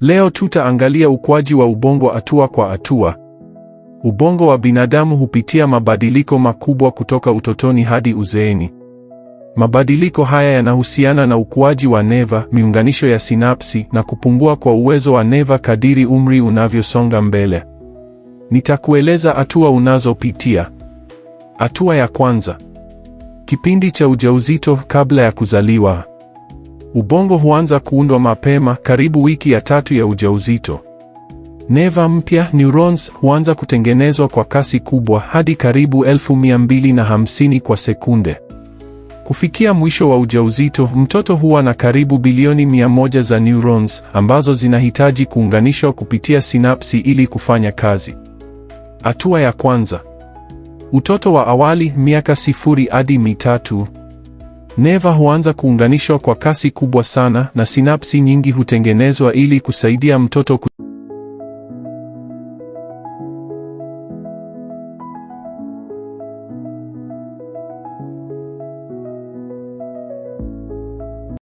Leo tutaangalia ukuaji wa ubongo hatua kwa hatua. Ubongo wa binadamu hupitia mabadiliko makubwa kutoka utotoni hadi uzeeni. Mabadiliko haya yanahusiana na ukuaji wa neva, miunganisho ya sinapsi na kupungua kwa uwezo wa neva kadiri umri unavyosonga mbele. Nitakueleza hatua unazopitia. Hatua ya kwanza. Kipindi cha ujauzito kabla ya kuzaliwa. Ubongo huanza kuundwa mapema, karibu wiki ya tatu ya ujauzito. Neva mpya neurons huanza kutengenezwa kwa kasi kubwa hadi karibu 1250 kwa sekunde. Kufikia mwisho wa ujauzito, mtoto huwa na karibu bilioni mia moja za neurons ambazo zinahitaji kuunganishwa kupitia sinapsi ili kufanya kazi. Hatua ya kwanza. Utoto wa awali, miaka sifuri hadi mitatu. Neva huanza kuunganishwa kwa kasi kubwa sana na sinapsi nyingi hutengenezwa ili kusaidia mtoto